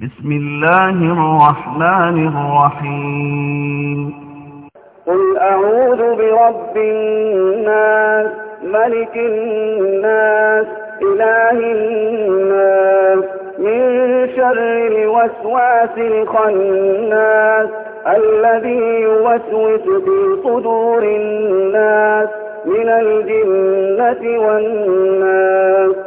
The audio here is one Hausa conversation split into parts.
بسم الله الرحمن الرحيم قل أعوذ برب الناس ملك الناس إله الناس من شر الوسواس الخناس الذي يوسوس في صدور الناس من الجنة والناس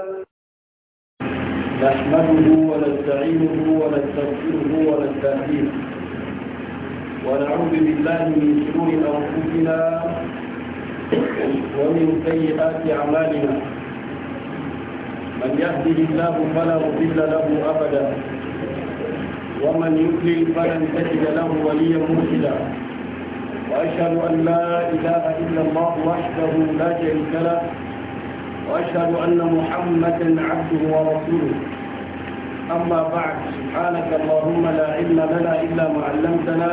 نحمده ونستعينه ونستغفره ونستهديه ونعوذ بالله من شرور انفسنا ومن سيئات اعمالنا من يهده الله فلا مضل له ابدا ومن يضلل فلن تجد له وليا مرشدا واشهد ان لا اله الا الله وحده لا شريك له وأشهد أن محمدا عبده ورسوله أما بعد سبحانك اللهم لا علم لنا إلا ما علمتنا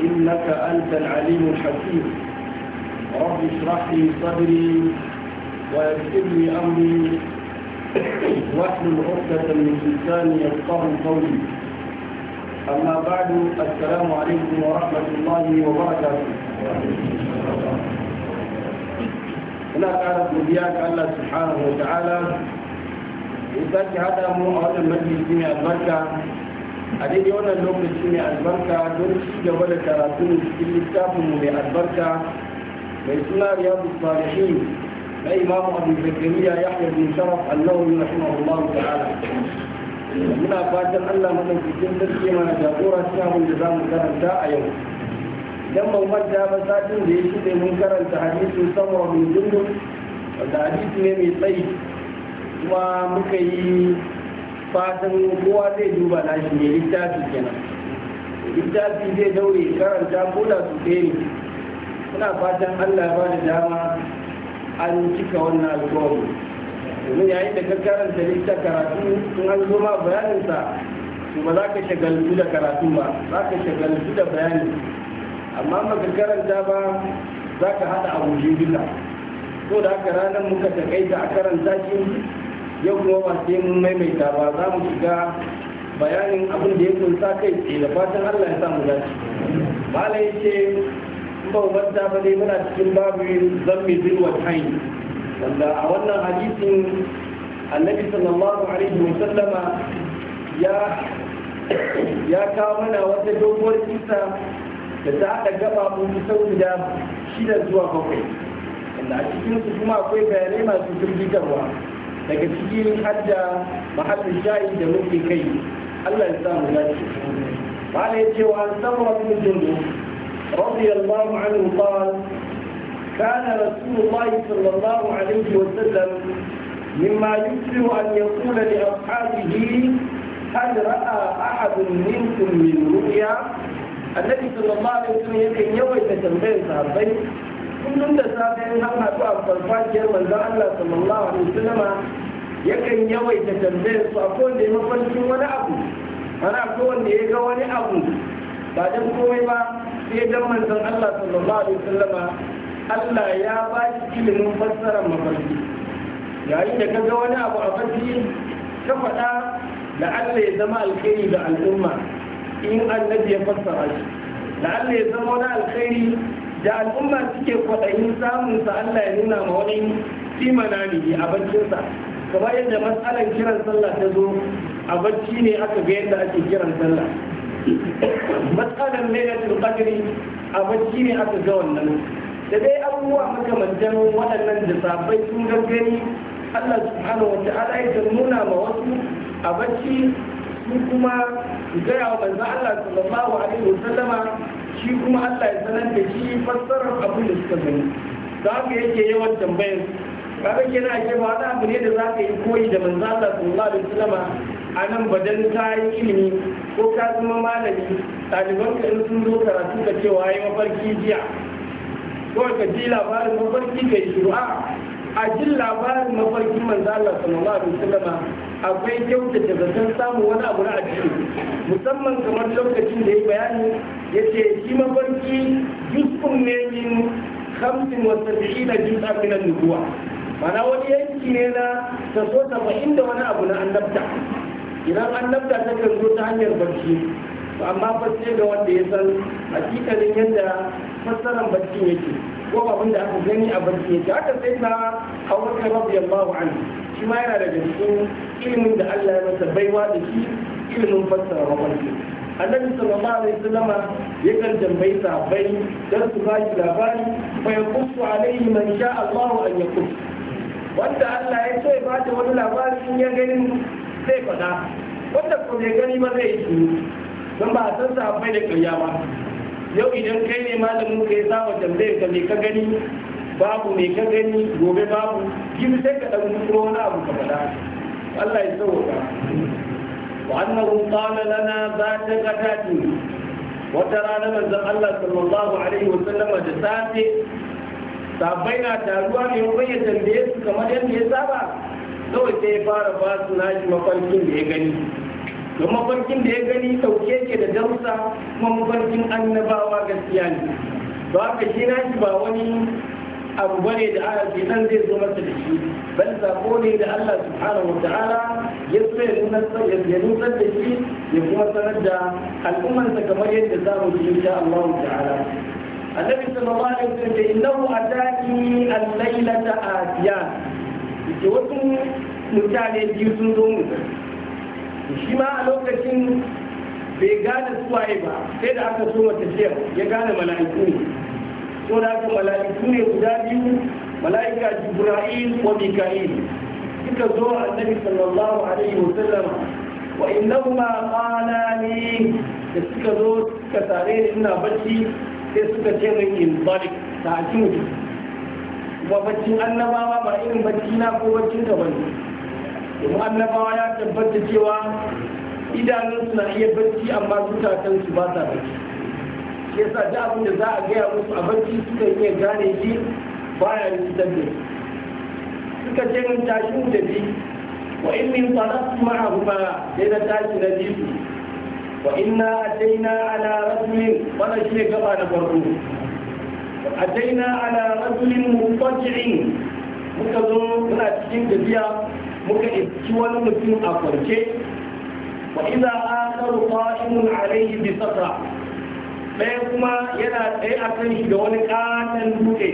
إنك أنت العليم الحكيم رب اشرح لي صدري ويسر لي أمري واحلل عقدة من لساني يفقه قولي أما بعد السلام عليكم ورحمة الله وبركاته muna ƙara godiya ga Allah subhanahu wa ta'ala ya sake haɗa mu a wannan majalisi mai albarka a daidai wannan lokaci mai albarka don ci gaba da karatu cikin littafin mu mai albarka mai suna riyadu salihin na imam abu zakariya yahya bin sharaf annawi rahimahullahu ta'ala muna fatan Allah madaukakin sarki mana jagora cikin abin da za mu karanta a yau idan ban manta ba satin da ya shuɗe mun karanta hadisin sama bin jundun wanda hadisi ne mai tsayi kuma muka yi fatan kowa zai duba nashi ne littafi kenan littafi zai daure karanta ko da su ne fatan allah ba da dama an cika wannan alkawari domin yayin da ka karanta litta karatu in an zo ma bayaninsa ba za ka shagaltu da karatu ba za ka shagaltu da bayani amma maka karanta ba za ka haɗa abu duka ko da aka ranar muka takaita a karanta shi yau kuma ba sai mun maimaita ba za mu shiga bayanin abin da ya kunsa kai tsaye da fatan Allah ya sa mu dace malai ce in ba ubanta ba dai muna cikin babu zammi bil wajhain wanda a wannan hadisin annabi sallallahu alaihi wa sallama ya kawo mana wata doguwar kisa da ta haɗa gaba mun sau guda shida zuwa bakwai inda a cikinsu kuma akwai bayanai masu firgitarwa daga cikin hadda mahallin shayi da muke kai Allah ya sa mu dace قال يجوا عن سمرة بن جندب رضي الله عنه قال كان رسول الله صلى الله عليه وسلم مما يمكن أن يقول لأصحابه هل رأى أحد منكم من رؤيا annabi sallallahu alaihi wasallam yakan yawaita tambayar sahabbai kullum da safe in an haɗu a farfajiyar manzon Allah sallallahu alaihi wasallama yakan yawaita tambayar su a kowanne ya mafarkin wani abu ana akwai wanda ya ga wani abu ba dan komai ba sai dan manzon Allah sallallahu alaihi wasallama Allah ya ba shi ilimin fassarar mafarki yayin da ka ga wani abu a farki ka faɗa da Allah ya zama alkhairi ga al'umma in annabi ya fassara shi la'alla ya zama wani alkhairi da al'umma suke kwaɗayin samun sa Allah ya nuna ma wani simana ne a baccinsa kamar yadda matsalan kiran sallah ta zo a bacci ne aka ga yadda ake kiran sallah matsalan lailatul qadri a bacci ne aka ga wannan da dai abubuwa makamantan waɗannan da sabai sun gaggani Allah subhanahu wa ta'ala ya nuna ma wasu a bacci su kuma su gaya wa manzo Allah sallallahu alaihi wasallama shi kuma Allah ya sanar da shi fassarar abin da suka gani za ka yake yawan tambayar kaga kenan ake ba wani abu ne da za ka yi koyi da manzo Allah sallallahu alaihi wasallama a nan badan ta yi ilimi ko ka zama malami ɗaliban ka in sun zo karatu ka cewa yi mafarki jiya kawai ka ji labarin mafarki ka yi a'a. a jin labarin mafarkin manzo Allah sallallahu alaihi wasallam akwai kyautata zaton samun wani abu na addini musamman kamar lokacin da ya bayani yace shi mafarki juz'un ne min 75 juz'a min an-nubuwa mana wani yanki ne na kaso ta da wani abu na annabta idan annabta ta kan zo ta hanyar barci amma fa sai ga wanda ya san hakikalin yadda fassaran barcin yake ko abin da aka gani a barci yake haka sai na abubakar radiyallahu anhu shi ma yana daga cikin ilimin da Allah ya masa baiwa da shi ilimin fassara mafarki annabi sallallahu alaihi wasallama ya kan tambayi sahabbai dan su ba shi labari fa yaqussu alaihi man sha Allah an yaquss wanda Allah ya so ya bada wani labari in ya gani zai faɗa wanda ko bai gani ba zai yi don ba a san sahabbai da ƙarya ba yau idan kai ne malamin ka ya samu tambayar ka me ka gani babu me ka gani gobe babu kin sai ka dan kuro wani abu ka faɗa Allah ya sauka wa annahu qala lana zata qatati wata rana manzon Allah sallallahu alaihi wasallam da safe sabai na taruwa ne ya ya tambaye su kamar yadda ya saba kawai sai ya fara ba su naji mafarkin da ya gani don mafarkin da ya gani sauke ke da jamsa kuma mafarkin annabawa gaskiya ne ba haka shi shi ba wani abu bane da aka ce dan zai zo masa da shi bal sako ne da Allah subhanahu ta'ala ya so ya nuna ya nuna da shi ya kuma sanar da al'ummarsa kamar yadda za mu ji insha Allah ta'ala annabi sallallahu alaihi wasallam ce innahu atani al-lailata atiyan ke wasu mutane biyu sun zo mu shi ma a lokacin bai gane suwaye ba sai da aka so mata tafiyar ya gane mala'iku ne so da aka mala'iku ne guda biyu mala'ika jibra'il wa mika'il suka zo a annabi sallallahu alaihi wa sallam wa innahuma qala li da suka zo suka tare ni ina bacci sai suka ce min in balik ta ba annabawa ba irin bacci na ko baccin da domin annabawa ya tabbata cewa idanun na iya barci amma su ba sa barci shi yasa ji abin da za a gaya musu a barci suka iya gane shi baya rikitar da suka ce min tashi mu da bi wa in min talaqtu ma'ahuma sai na tashi na bi su wa inna ataina ala rajulin shi ne gaba na farko ataina ala rajulin mutajji'in muka zo muna cikin tafiya muka iski wani mutum a kwance wa iza akaru qa'imun alayhi bi satra ɗaya kuma yana tsaye a kan shi da wani katan dutse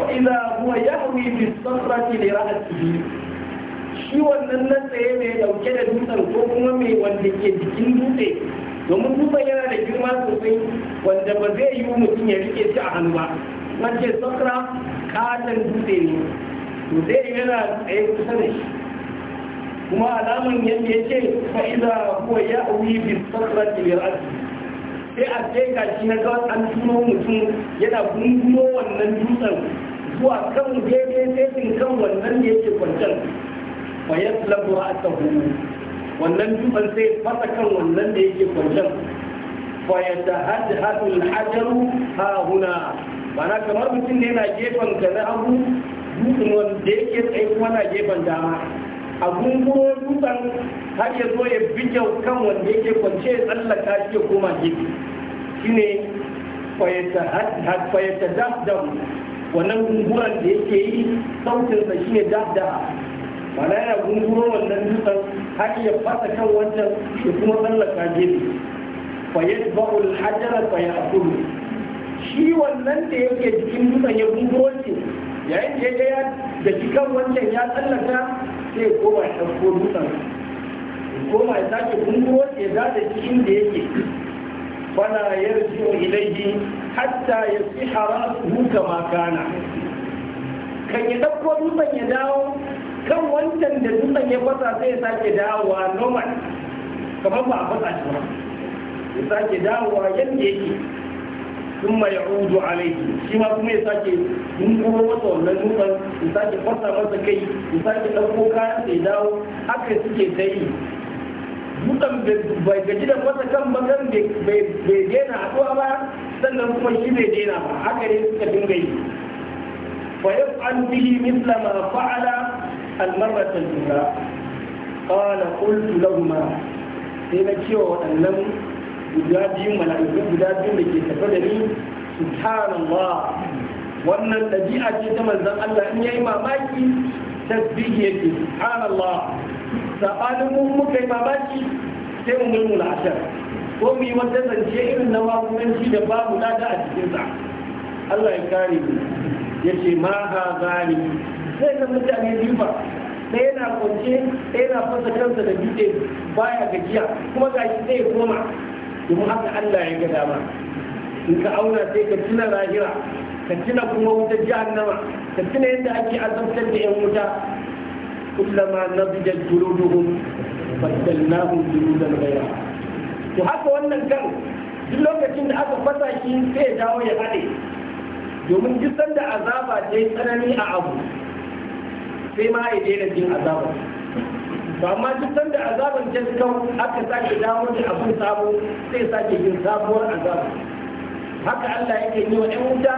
wa iza huwa yahwi bi satrati li ra'sihi shi wannan na tsaye mai ɗauke da dutsen ko kuma mai wanda ke jikin dutse domin dutsen yana da girma sosai wanda ba zai yi mutum ya rike shi a hannu ba wacce sakra katon dutse ne to sai yana tsaye kusa da shi kuma alaman yadda ya ce fa'iza ko ya auyi bin sarrafa lil aji sai a teka shi na kawai an tuno mutum yana gungumo wannan dutsen zuwa kan daidai tefin kan wannan da yake kwancen fa ya tlabu a sahu wannan dutsen sai fasa kan wannan da yake kwancen fa ya da hajji hajji hajjaru ha huna ba kamar mutum ne na gefen ka na abu dutsen wanda yake tsaye kuma na gefen dama a gunguro dutsen har ya zo ya bige kan wanda yake kwance ya tsallaka shi ya koma gefe shine fayyata dafdam wannan gunguran da yake yi sautinsa shine dafda mana yana gunguro wannan dutsen har ya fasa kan wancan ya kuma tsallaka gefe fayyata ba'ul hajjara fayyakulu shi wannan da yake jikin dutsen ya gunguro shi yayin da ya ya da cikin wancan ya tsallaka sai koma ya ɗauko dutsen koma ya sake kungo ya zaɗa cikin da yake fala yarji'u ilayhi hatta ya fi hara ra'suhu ma gana kan ya ɗauko dutsen ya dawo kan wancan da dutsen ya fasa sai ya sake dawowa normal kamar ba a fasa shi ba ya sake dawowa yadda yake sun ma a alaihi shi ma kuma ya sake kuma masa wannan dutsen ya sake fasa masa kai ya sake ɗauko kayan sai dawo haka suke ta yi dutsen bai gaji da masa kan bakan bai daina haɗuwa ba sannan kuma shi bai daina ba haka ne suka dinga yi fa an bihi mithla ma fa'ala al-marrata al-ula qala qultu lahumu sai na cewa waɗannan guda biyu mala'iku guda biyu da ke tafa da ni subhanallah wannan ɗabi'a ce ta manzan Allah in yayi mamaki tasbihi yake subhanallah sabanin mu muka yi mamaki sai mu mulmula ashar ko mu yi wata zance irin na magudanci da babu lada a cikinsa Allah ya kare mu ya ce ma ha zani sai ga mutane biyu ba ɗaya na kwance ɗaya na fasa kansa da dutse baya gajiya kuma ga shi zai koma domin haka Allah ya ga dama in ka auna sai ka tuna lahira ka tuna kuma wutar jahannama ka tuna yadda ake azabtar da yan wuta kullama nabijat juluduhum baddalnahum juludan ghayra to haka wannan kan duk lokacin da aka fasa shi sai ya dawo ya haɗe domin duk sanda azaba ta yi tsanani a abu sai ma ya daina jin azaba ba ma duk sanda azaban ke kan aka sake dawo da abin sabo sai sake yin sabuwar azaba haka Allah yake yi wa ɗan wuta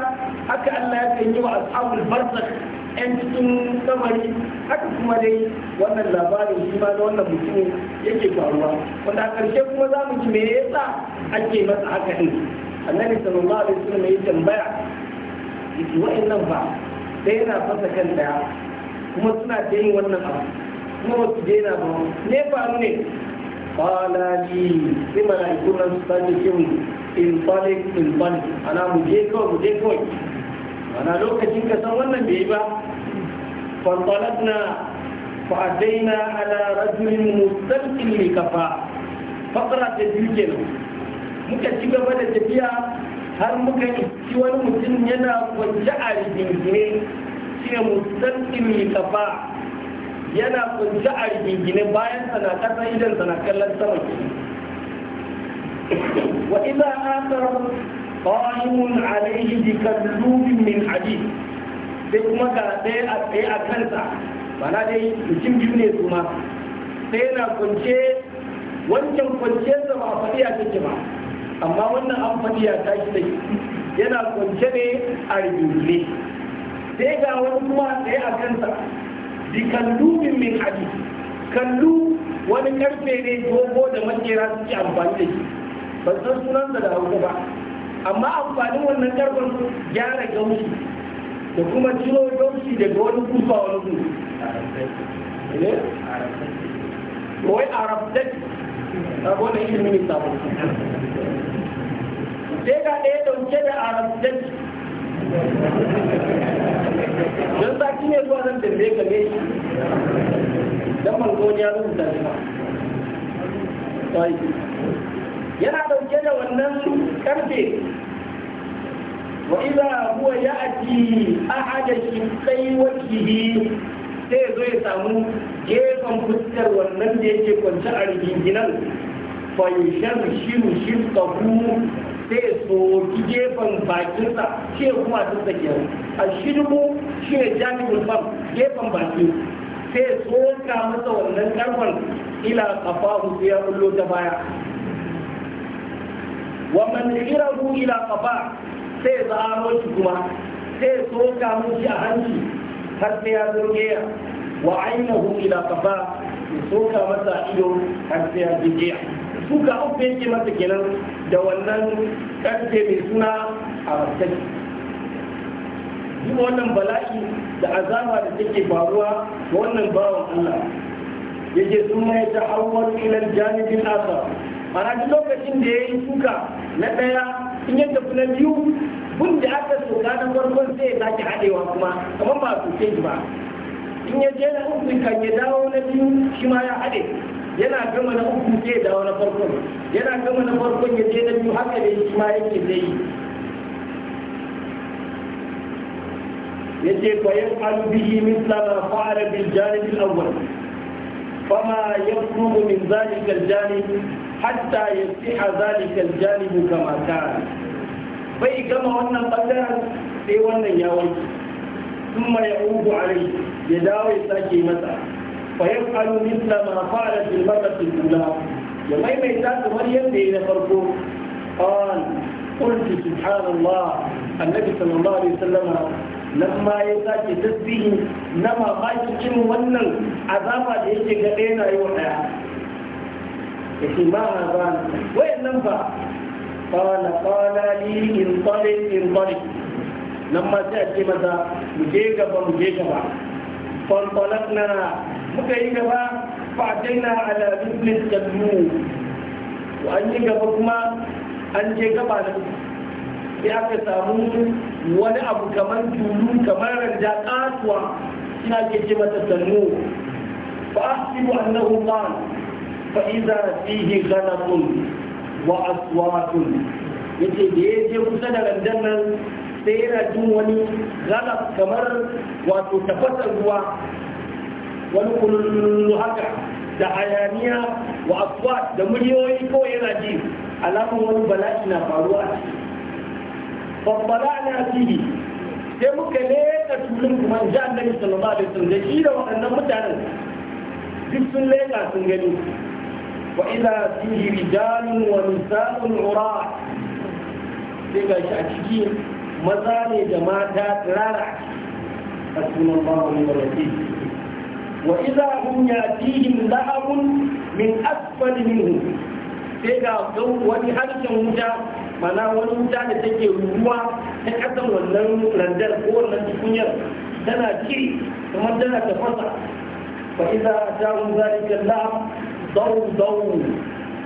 haka Allah yake yi wa ashabul barzakh 'yan cikin samari haka kuma dai wannan labarin shi ma da wannan mutum yake faruwa wanda a ƙarshe kuma za mu ji me yasa ake masa haka din annabi sallallahu alaihi wasallam ya tambaya yace wa'annan ba sai yana fasa kan daya kuma suna da yin wannan abu kuma su ba ne faru ne kwana ji sai mala'iku nan su sake cewa in falik in falik ana mu je kawai mu je kawai ana lokacin ka san wannan bai yi ba fanfalatna fa'adaina ala rajulin mustalqin li kafa fakara ta biyu kenan muka ci gaba da tafiya har muka ci wani mutum yana kwance a rigingine shi ne mustalqin li kafa yana kunce a rigingine bayan sana kasa idan sana kallon sama wa idza athara qa'imun alayhi bi kadlubin min hadid sai kuma ga sai a tsaye a kansa mana dai mutum biyu ne su ma sai na kunce wancan kunce sa ba faɗi a cikin ba amma wannan an faɗi a tashi da yana kunce ne a rigingine sai ga wani kuma tsaye a kansa bi kallumin min hadid kallu wani karfe ne dogo da makera suke amfani da shi ban san sunan da hauka ba amma amfanin wannan karfen gyara gaushi da kuma ciro gaushi daga wani kusa wani kusa eh? wai arab dek a wani ilimin ne sabon sai ga ɗaya ɗauke da arab dek don sati ne zuwa zan tambaye ka ne don mangon ya rubuta shi ba yana dauke da wannan karfe wa idza huwa ya'ti shi kai wakili sai zo ya samu gefen fuskar wannan da yake kwance a riginginan shirin shirka kuma sai ya soki gefen bakinsa shi ya kuma tunsa kenan a shirku shi ne jami'ul bam gefen baki sai ya soka masa wannan karfan ila kafahu sai ya kullo ta baya wa man irahu ila kafa sai ya zaro shi kuma sai ya soka mishi a hanci har sai ya zurgeya wa ainihu ila kafa Sai soka masa ido har sai ya zurgeya suka uku yake masa kenan da wannan karfe mai suna a rasai Yi wannan bala'i da azama da take faruwa ga wannan bawan Allah yake sun mai ta hawar ilar janibin asa ana duk lokacin da ya yi suka na ɗaya in yi tafi na biyu bun da aka soka na farkon sai ya sake haɗewa kuma kamar ba su ba in ya je na uku kan ya dawo na biyu shi ma ya haɗe yana gama na uku sai ya dawo na farkon yana gama na farkon ya je na biyu haka ne shi ma yake zai yi yace fa yaf'alu bihi mithla ma fa'ala bil janib al awwal فما يخرج من ذلك الجانب حتى يصيح ذلك الجانب كما كان bai gama wannan bangaren sai wannan ya wanke ثم يعود عليه يداوي ساكي متى فيفعل مثل ما فعلت في المرة الأولى لما يميتات مريم بين فرقه قال قلت سبحان الله النبي صلى الله عليه وسلم لما يساكي تسبيه نما قايت كم ونن عذابا ليش قدينا يوحيا يقول ما هذا وين ننفع قال قال لي انطلق انطلق nan ma sai a ce masa mu je gaba mu je gaba na, muka yi gaba fa'adaina ala biblis jallu an yi gaba kuma an je gaba da sai aka samu wani abu kamar tulu kamar randa kasuwa ina ke ce mata sannu فأحسب أنه قال فإذا فيه da وأصوات kusa da مسدد nan sai yana jin wani galab kamar wato tafasar ruwa wani kulun haka da hayaniya wa aswa da muryoyi ko yana ji alamun wani bala'i na faruwa a ciki babbala na fihi sai muka leka tulun kuma ji annabi sallallahu alaihi wasallam da shi da waɗannan mutanen duk sun leka sun gani wa idza fihi rijalun wa nisa'un ura sai ga shi a ciki maza ne da mata rara a sunan babu ne wani wa iza ya yatihim la'abun min asfali minhu sai ga wani harshen wuta mana wani wuta da take ruwa ta kasan wannan randar ko wannan tukunyar tana kiri kuma tana tafasa fa iza ta'un zalika la'ab daw daw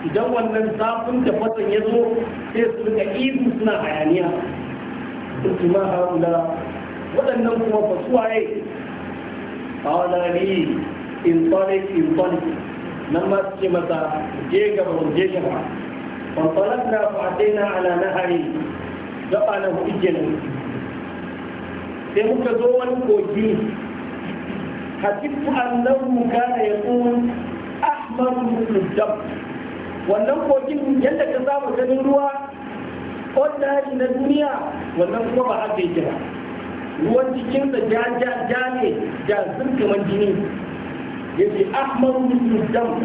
idan wannan zafin tafasan ya zo sai su rika ihu suna hayaniya قلت ما هؤلاء waɗannan kuma ba su waye kawala ni in tsalik in tsalik nan ma ce masa je gaba mu je gaba fa tsalakna fa ataina ala nahari gaba na hudu kenan sai muka zo wani kogi hasibtu annahu kana yaqul ahmar min dab wannan kogin yadda ka saba ganin ruwa ordinary na duniya wannan kuma ba haka yake ba ruwan cikin da ja ja ja ne ja sun kaman jini yace ahmaru min dam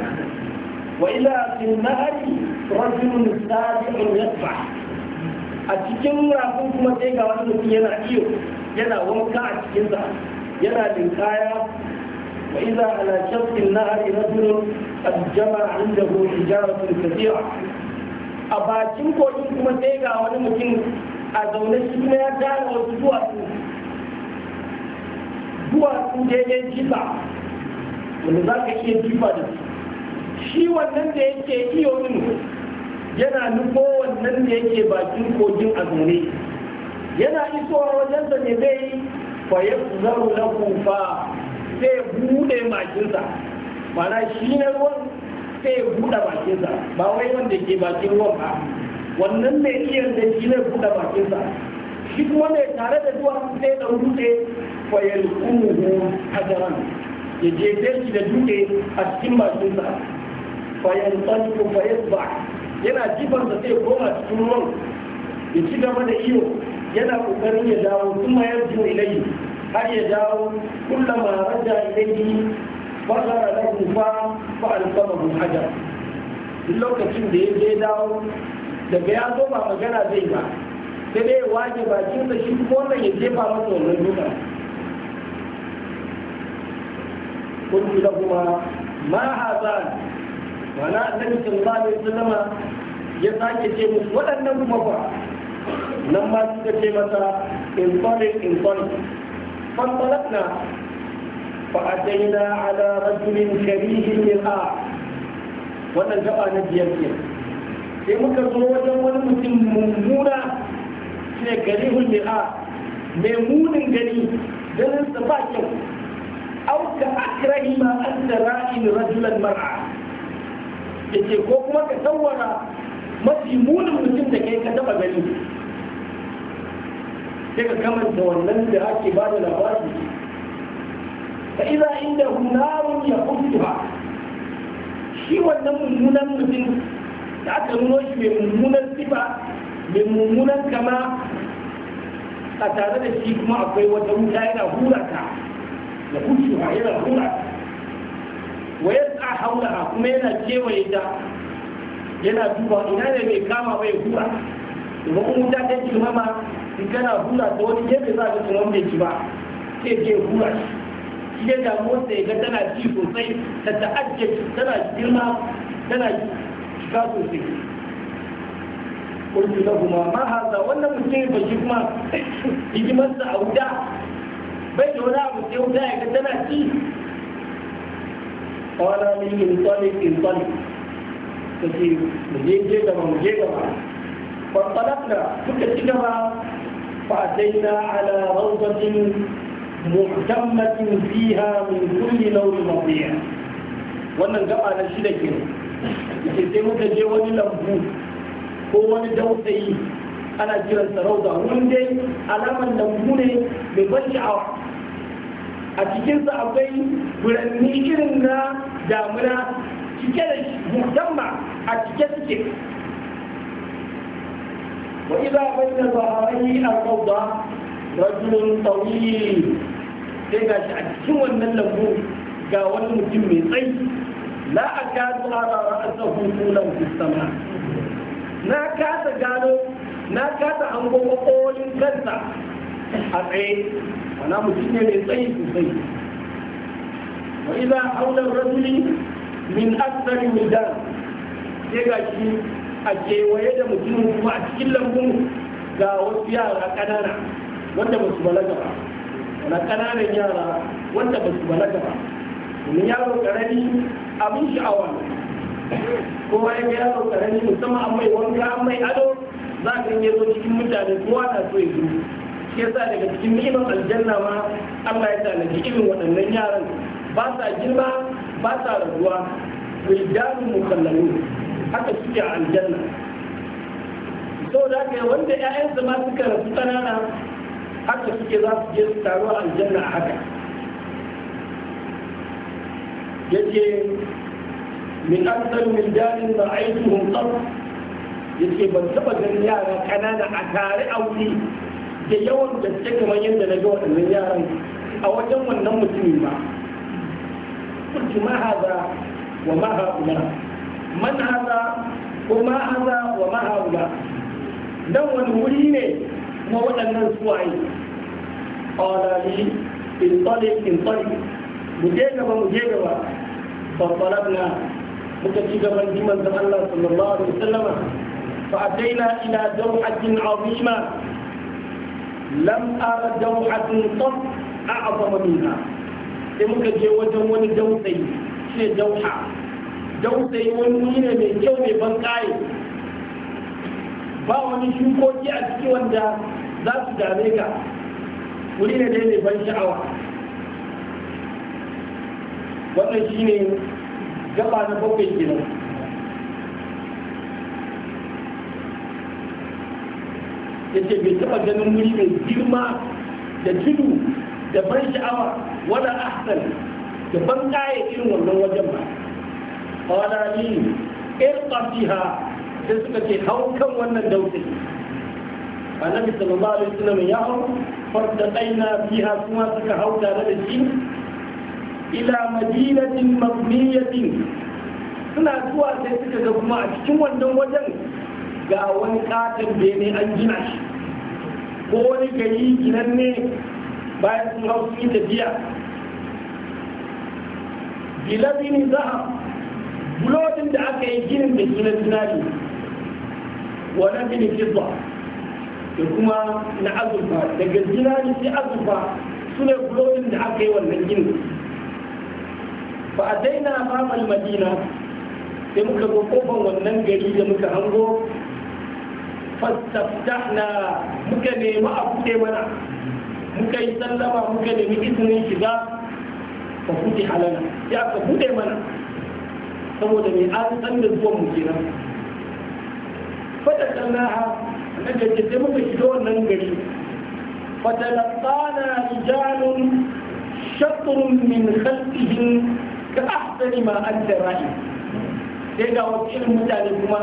wa ila fil nahri rajulun sabi'un yasba a cikin rafin kuma sai ga wani mutum yana iyo yana wanka a cikin sa yana linkaya wa ila ala shafin nahri rajulun قد جمع عنده حجارة كثيرة a bakin kogin kuma sai ga wani mutum a zaune shi kuma ya tara wasu duwatsu duwatsu daidai jifa wanda za ka iya jifa da su shi wannan da yake iyo min yana nufo wannan da yake bakin kogin a zaune yana isowa wajen da zai yi fa ya zaru na kufa sai bude makinsa mana shi na ruwan sai ya buɗe bakinsa ba wai wanda ke bakin ruwan ba wannan mai iya da shi zai buɗe bakinsa shi kuma mai tare da zuwa sai da dutse fayar kumuhu hajaran ya je shi da dutse a cikin bakinsa fayar tsanku fayar ba yana jifarsa sai koma cikin ruwan ya ci gaba da iyo yana kokarin ya dawo kuma ya jiro ilayi har ya dawo kullum a raja ilayi da فغر له فألقمه hajar. lokacin da ya je dawo daga ya zo ba magana zai ba sai dai ya waje bakin da shi ko wannan ya jefa masa wannan duka kuntu da kuma ma hazan wala annabi sallallahu alaihi wasallam ya sake ce musu waɗannan kuma fa nan ma suka ce masa in tsare in tsare fantalakna فأتينا على رجل كريه للآخ wannan gaba na biyar ke sai muka zo wajen wani mutum mummuna ce gari hulmi'a mai munin gani ganin sa ba kyau auka akrahi ma an da ra'in rajulan mar'a yace ko kuma ka tsawara mafi munin mutum da kai ka taba gani sai ka da wannan da ake ba da labari فإذا عنده نار يخفها shi wannan mummunan mutum da aka nuno shi mai mummunan sifa mai mummunan kama a tare da shi kuma akwai wata wuta yana hura ta da yana hura wa ya tsa haula kuma yana kewaye yana duba ina ne mai kama mai hura da kuma wuta ta ci mama in kana hura ta wani gefe za ka bincike damuwarsa ya ga tana ci sosai ta ta'ajjab tana girma tana shiga sosai قلت لهما ما هذا وانا مسلم بشكما يجي مسا او دا بيت هنا مسلم دا يقدر احكي قال لي انطلق انطلق تجي مجيب جيدا مجيب فانطلقنا كنت تجمع فأتينا على روضة muhtammatin fiha min kulli launi mawdi'a wannan gaba na shida ke yake sai muka je wani lambu ko wani dausayi ana kiran sarauta wani dai alaman lambu ne mai ban sha'awa a cikinsa akwai buranni irin na damuna cike da musamman a cike suke وإذا بين ظهريه الروضة رجل طويل sai ga shi a cikin wannan lambu ga wani mutum mai tsayi la a a rara a tsohon tunan sama na kasa gano na kasa an goma kolin kansa a tsaye wana mutum ne mai tsayi sosai wa ila haula rasuli min akthari wildan sai ga shi a kewaye da mutum kuma a cikin lambun ga wasu yara ƙanana wanda ba su balaga ba na ƙananan yara wanda ba su balaga ba domin yaro ƙarami abin sha'awa Ko ya ga yaro ƙarami musamman an mai wanka an mai ado za ka yi zo cikin mutane kowa na so ya zo shi yasa daga cikin ni'imar aljanna ma Allah ya tanaji irin waɗannan yaran ba sa girma ba sa rabuwa wildanun mukallamu haka suke a aljanna ka yi wanda 'ya'yansa ma suka rasu ƙanana haka suke za su je su taru aljanna a haka yake min asali min dalin da mun tsar yake ban taba ganin yara kanana a tare a wuri da yawan da suke kamar yadda na ga waɗannan yaran a wajen wannan mutumin ba kuntu ma haza wa ma man haza ko ma haza wa ma haula dan wani wuri ne kuma waɗannan suwaye ƙwararri in intoli mu je gaba mu je gaba babbalar na muka ci gaban jiman da Allah sallallahu alaihi wasallama فأتينا إلى دوحة عظيمة لم أرى دوحة قط أعظم منها sai muka je wajen wani dausayi shi ne dauha wani ne mai kyau mai ban ba wani shukoki a ciki wanda za su dame ka wuri ne dai mai ban sha'awa wannan shi ne gaba na bakwai gina ya ce bai taɓa ganin wuri mai girma da tudu da ban sha'awa wani ahsan da ban kaya irin wannan wajen ba ƙwararri لي ارقى فيها sai suka ce hau kan wannan dautin annabi sallallahu alaihi wasallam ya hau farda daina fiha kuma suka hau tare da shi ila madinatin mabniyatin suna zuwa sai suka ga kuma a cikin wannan wajen ga wani katon bene an gina shi ko wani gari ginan ne bayan sun hau sun yi tafiya bilabini zahab bulodin da aka yi ginin da ginin zinari wannan ne ke zuwa da kuma na azurfa daga ne sai azurfa su ne kulobin da aka yi wannan gini ba a daina mamal madina sai muka zo kofan wannan gari da muka hango fastaftahna muka nemi a buɗe mana muka yi sallama muka nemi izinin shiga fa buɗe halana ya ka bude mana saboda mai an san da zuwan mu kenan fadar naha na da ke sai muka shiga wannan gari fatalaqana rijalun shatrun min khalqihim ka ahsani ma an anta ra'i sai ga wasu mutane kuma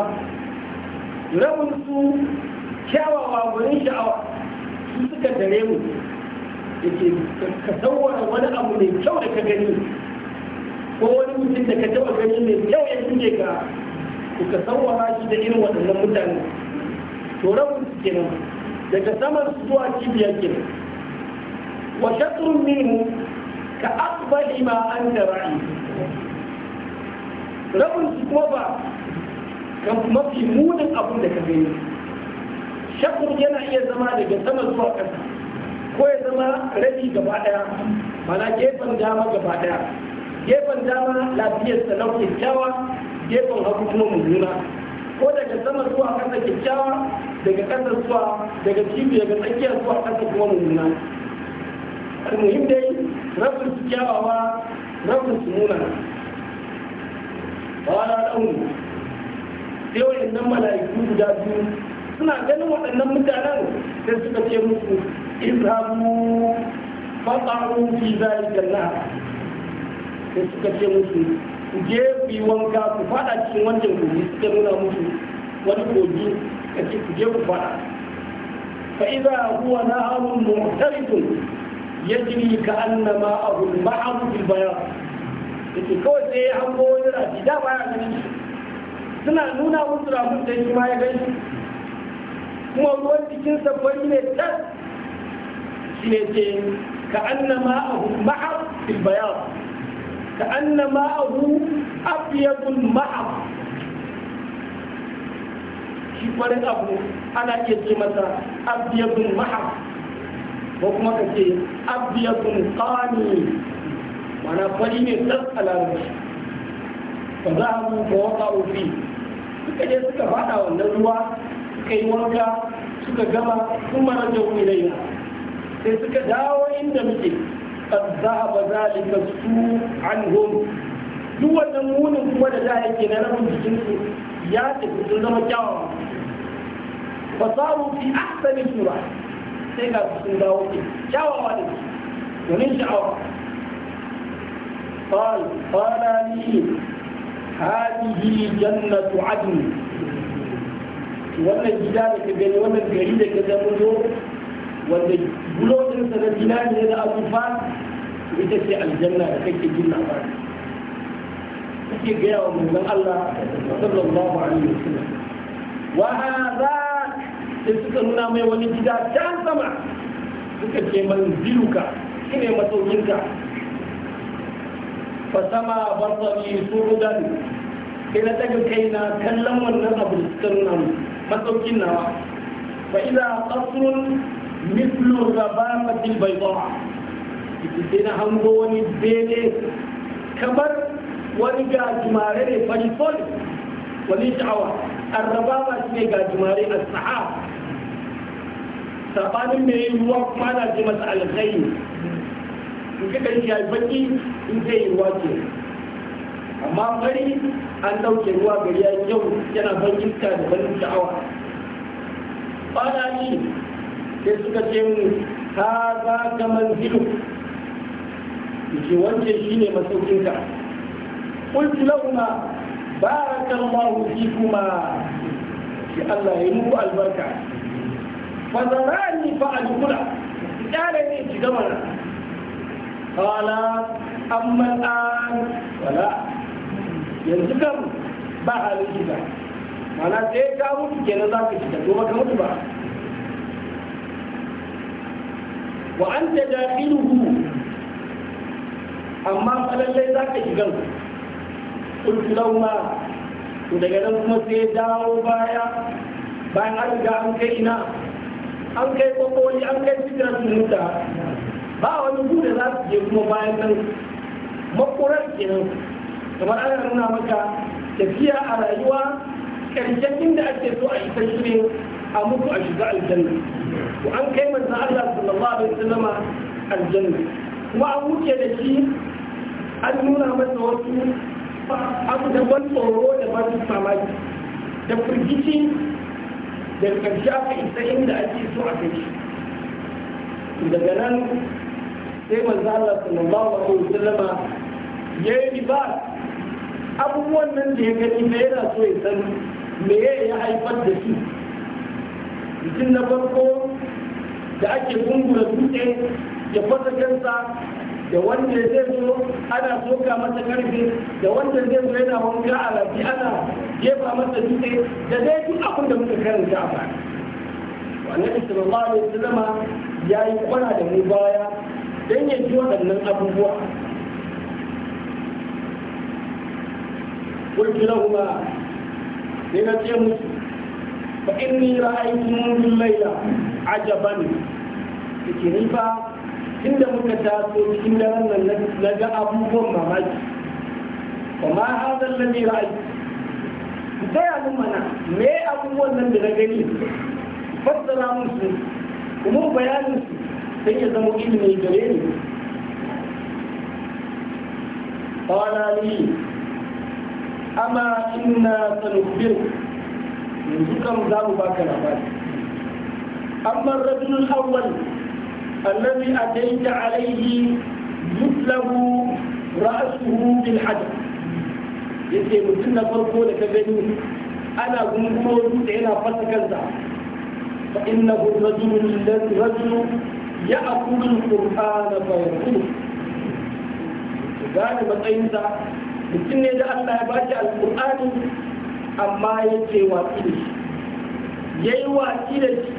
rabin su kyawawa gurin sha'awa su suka dare mu yake ka tsawara wani abu mai kyau da ka gani ko wani mutum da ka taɓa gani mai kyau ya tuke ka suka sauwara shi da irin waɗannan mutane to rabin su kenan daga saman zuwa cibiyar kenan wa shatrun minhu ka aqbali ma anta ra'i rabin su kuma ba kan mafi munin abin da ka gani shakur yana iya zama daga sama zuwa ƙasa ko ya zama rabi gaba ɗaya mana gefen dama gaba ɗaya gefen dama lafiyar sa na kyakkyawa gefen hagu kuma mummuna ko daga sama zuwa kasa kyakkyawa daga kasa zuwa daga cibi daga tsakiya zuwa kasa kuma mummuna almuhim dai rabin su kyawawa rabin su munana ba na ɗaunu sai waɗannan mala'iku guda biyu suna ganin waɗannan mutanen sai suka ce musu izhabu fasaru fi zalika na sai suka ce musu ku je ku yi wanka ku fada cikin wancan kogi suke nuna musu wani kogi ka ce ku je ku fada fa idza huwa naharun muhtarifun yajri ka annama abu al-bahr bil bayan yace kawai sai an hango wani rafi da baya ganin shi suna nuna musu rafin da shi ma ya gani kuma ruwan cikin fari ne tas shi ne ce ka annama abu al-bahr bil bayan كأن ماءه أبيض محض shi farin abu ana iya ce masa abiyatun maha ko kuma ka ce abiyatun qani mana fari ne tas a ba. fa za a mu ba waka ofi suka je suka fada wannan ruwa suka yi wanka suka gama kuma rajau ilayya sai suka dawo inda muke قد ذهب ذلك السوء عنهم duk wannan munin kuma da za a yake na rabin jikinsu ya tafi sun zama kyawawa fasaru fi ahsani sura sai ga su sun dawo ke kyawawa da su domin sha'awa قال قال لي هذه جنة عدن wannan gida da ka gani wannan gari da ka zama zo wanda bulodinsa na dinari ne da azurfa ita ce aljanna da kake jin labari kake gaya wa manzon Allah sallallahu alaihi wasallam wa hadha sai suka nuna mai wani gida can sama suka ce manziluka shine masaukinka fa sama barzani surudan sai na daga kaina kallon wannan abu da suka nuna masaukin nawa fa idza qasrun mithlu zabafatil bayda ciki na hango wani bene kamar wani gajimare ne falifol wani sha'awa arrababa shi ne gajimare a sa'a sabanin mai ruwa kuma na ji masa alkhairi in kika yi baki in zai yi ruwa ke amma fari an ɗauke ruwa gari ya yau yana ban iska da ban sha'awa ba ni sai suka ce mu هذا كمنزلك yake wancan shine masaukinka qultu lahuma barakallahu kuma. shi Allah ya muku albarka fazarani fa adkhula kare ne ki gama qala amma an wala yanzu kam ba halin shiga mana sai ka mutu kenan za ka shiga to baka mutu ba wa an anta dakhiluhu amma falallai za ka shigan kulkulau ma daga nan kuma sai dawo baya bayan an riga an kai ina an kai kwakwani an kai fitrar muta ba wani gudu za su je kuma bayan nan makurar kenan kamar ana nuna maka tafiya a rayuwa ƙarshen inda ake so a isa shirin a mutu a shiga aljanna ku an kai manzon Allah sallallahu alaihi wasallama aljanna kuma an wuce da shi an nuna masa wasu abu da ban tsoro da ban samari da firgici da karshe aka isa inda ake so a kai shi daga nan sai manzo Allah sallallahu alaihi ya yi ba abubuwan nan da ya gani me yana so ya san me ya haifar da su mutum na farko da ake gungura dutse Da fasa kansa da wanda zai zo ana soka masa karfe da wanda zai zo yana wanka a lafi ana jefa masa dutse da zai duk abin da muka karanta a baya annabi sallallahu su zama ya yi kwana da mu baya don ya ji waɗannan abubuwa na ba in ni ra'ayi فإني رأيت منذ الليلة عجبا لكني ba inda muka taso cikin daren nan na ga abubuwan mamaki kuma hada lalli ra'ayi aiki. gaya mun mana me abubuwan nan da na gani fassara mun su kuma bayanin su sai ya zama ilimi gare ni qala li amma ina sanukhbiruka yanzu kam za mu baka labari amma rajulul hawan. الذي أتيت عليه مثله رأسه بالحجر يتي متنا فرقو لك بني أنا قنقول إلى فتكزع فإنه الرجل الذي رجل يأكل القرآن فيقول gane matsayinsa mutum ne da Allah ya bashi alƙur'ani amma ya ce watsi da shi ya yi watsi da shi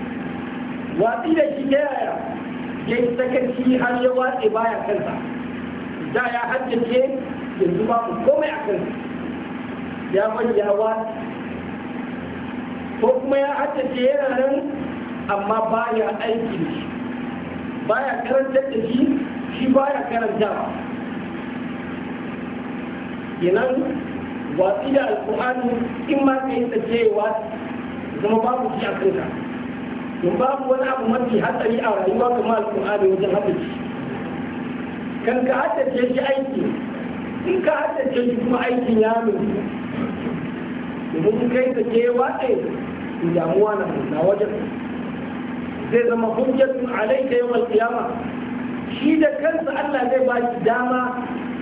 watsi da shi ta yaya ya yi sakanci har ya watse baya kansa da ya haddace yanzu babu komai a kansa ya manya watse ko kuma ya haddace yana nan amma baya aiki ne shi baya karantar da shi shi baya ba yanan watsi da alkur'ani in ma ka yi tsaye zama babu shi a kanka don babu wani abu mafi hatsari a rayuwa kamar alƙur'ani wajen haddace kan ka haddace shi aiki in ka haddace shi kuma aikin ya nuna domin kai ta ke waɗe damuwa na na wajen zai zama hujjatun alaika yau alƙiyama shi da kansa Allah zai ba shi dama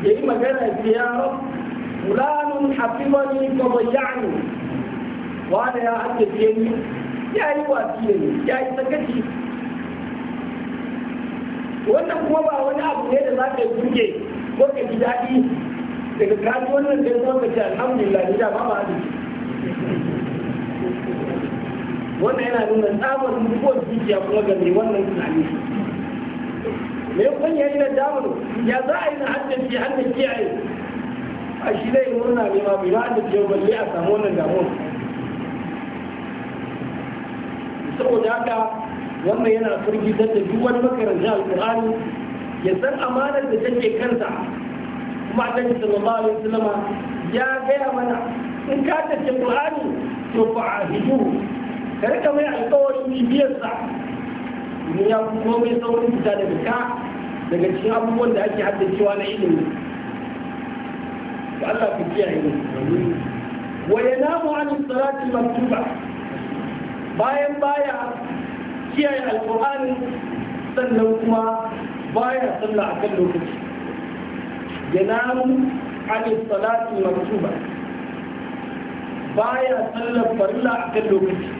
ya yi magana ya rabu fulanun hafifani fa bayyani wanda ya haddace ni ya yi wasu ne ya yi sakaci wannan kuma ba wani abu ne da za ka buge ko ka ji daɗi daga kaji wannan da ya ka ce alhamdulillah ni da ba ba haɗu wannan yana nuna tsabar mutuwar zuciya kuma ga mai wannan tunani me kun yi na damu ya za a yi na haddace haddace kiyaye a shi zai murna ne ma bai ma haddace balle a samu wannan damuwa saboda haka wannan yana firgitar da duk wani makaranta alƙur'ani ya san amanar da take kansa kuma annabi sallallahu alaihi wasallam ya gaya mana in ka tace qur'ani to fa'ahidu ka rika mai alƙawarin bibiyarsa in ya kuma mai saurin fita daga ka daga cikin abubuwan da ake haddacewa na ilimi to Allah ka kiyaye mu wa yanamu an salati maktuba bayan baya kiyaye alkur'ani sannan kuma baya sallah a kan lokaci yanamu alif salatu maktuba baya sallar farilla a kan lokaci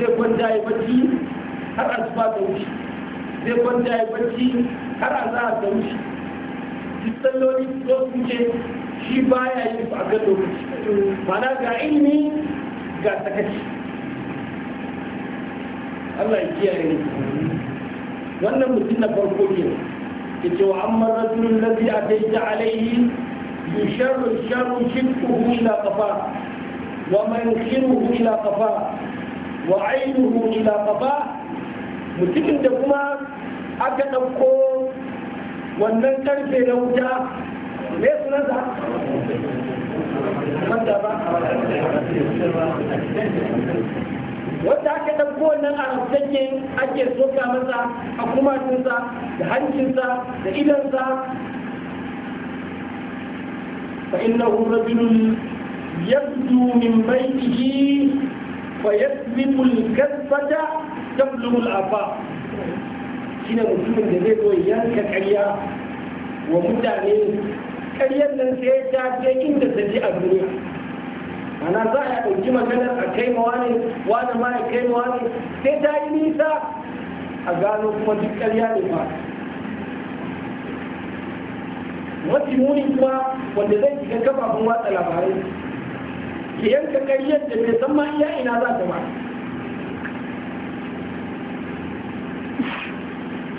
zai kwanta ya bacci har zuba ta wuce zai kwanta ya bacci har a ta wuce duk salloli ko wuce shi baya yin su a kan lokaci ma'ana ga ilimi ga sakaci Allah ya kiyaye ni wannan mutum na farko ne yace wa amma rajulun ladhi ataita alayhi yusharru sharru shidquhu ila qafa wa mankiruhu ila qafa wa aynuhu ila qafa mutumin da kuma aka dauko wannan karfe da wuta me sunansa wanda ba wanda aka ɗauko wannan a rubutacce ake soka masa a kumatunsa da hancinsa da idansa fa hura rajulun yabdu min baitihi fa yasbiqu al-kasbata tablughu al-afaq shine mutumin da zai zo yanka ƙarya wa mutane ƙaryar nan sai ta je inda ta je a duniya ana za a ɗauki maganar a kai ma wani wani ma ya kai ma wani sai ta yi nisa a gano kuma duk ƙarya ne ba mafi muni kuma wanda zai shiga kafafun watsa labarai ke yanka kai da bai san ma iya ina za ta ba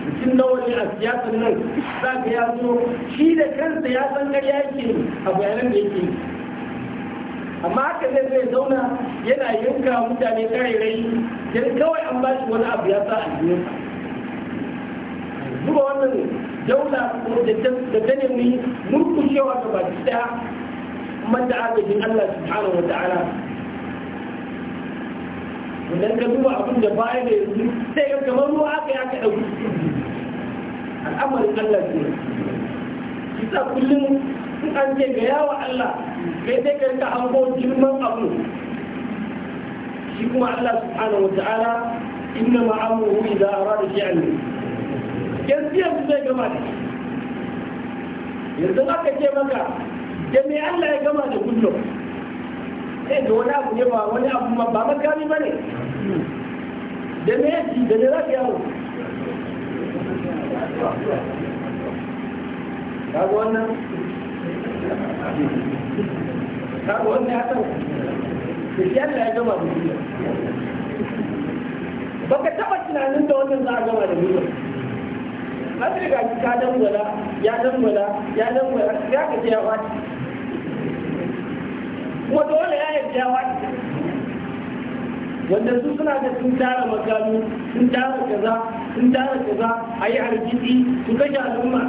mutum nawa ne a siyasar nan za ka ya zo shi da kansa ya san ƙarya yake a bayanan da yake amma haka zai zai zauna yana yanka mutane karerai don kawai an bashi wani abu ya sa a aljihunsa duba wannan daula da ta nemi murkushewa ga baki daya manta agajin Allah subhanahu wa ta'ala idan ka duba abin da baya da yanzu sai ga kamar ruwa aka ya ka ɗauki al'amarin Allah ke shi sa kullum in an ce ga yawa Allah kai sai ka rika hango girman abu shi kuma Allah subhanahu wata'ala inna ma'amuru idza arada shay'an gaskiya su zai gama da yanzu aka ce maka da me Allah ya gama da kullum sai da wani abu ne ba wani abu ba makami bane da me yake da ne zaka yawo kaga wannan kaga wannan ya san da shi ya gama da duniya baka taba tunanin da wannan za a gama da duniya an riga ka dangwala ya dangwala ya dangwala ya gaji ya wata kuma dole ya yarda ya wata wanda su suna da sun tara makami sun tara kaza sun tara kaza a yi hargitsi su kashe al'umma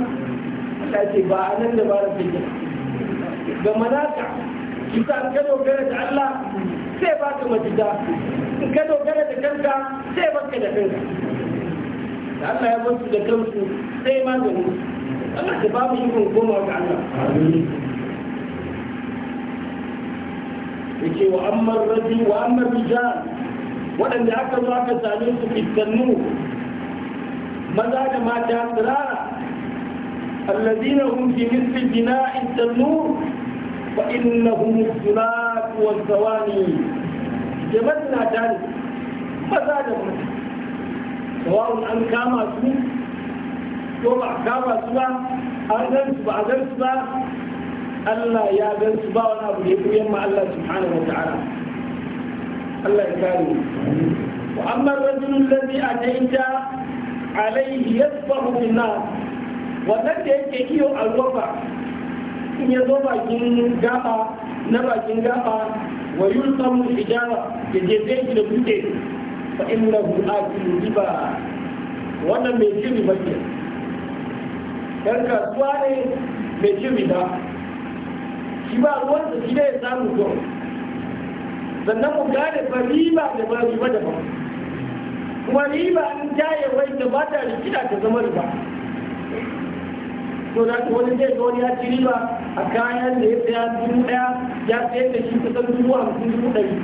ta ce ba a nan da ba da ga manaka kita ka dogara da Allah sai ba ka mafita in ka dogara da kanka sai ba ka da kanka Allah ya mutu da kansu sai magani Allah ta ba mu shi goma ga Allah yake wa amma rajul wa amma rijal waɗanda aka zo aka same su fitannu maza da mata tsirara الذين هم في مثل بناء التنور فإنهم الزنات والزواني جمعنا ذلك فزاد مات سواء أن كاما سوء وبع كاما سوء أن سبع أن سبع Allah ya gan su ba wani abu da ya koyan ma Allah subhanahu wa ta'ala Allah ya kare wa amma rajul ladhi yake iyo alwafa mutum ya zo bakin gafa na bakin gafa wa yi yulqamu hijara ya je zai da dutse fa innahu akil riba wannan mai ce riba ke ɗan kasuwa ne mai cin riba shi ba ruwan da shi ne ya samu to sannan mu gane fa riba da ba riba da ba kuma riba an jaye wai da ba ta rikida ta zama riba to na wani zai zo ya ci riba a kayan da ya saya dubu ɗaya ya sayar da shi kusan dubu hamsin dubu ɗari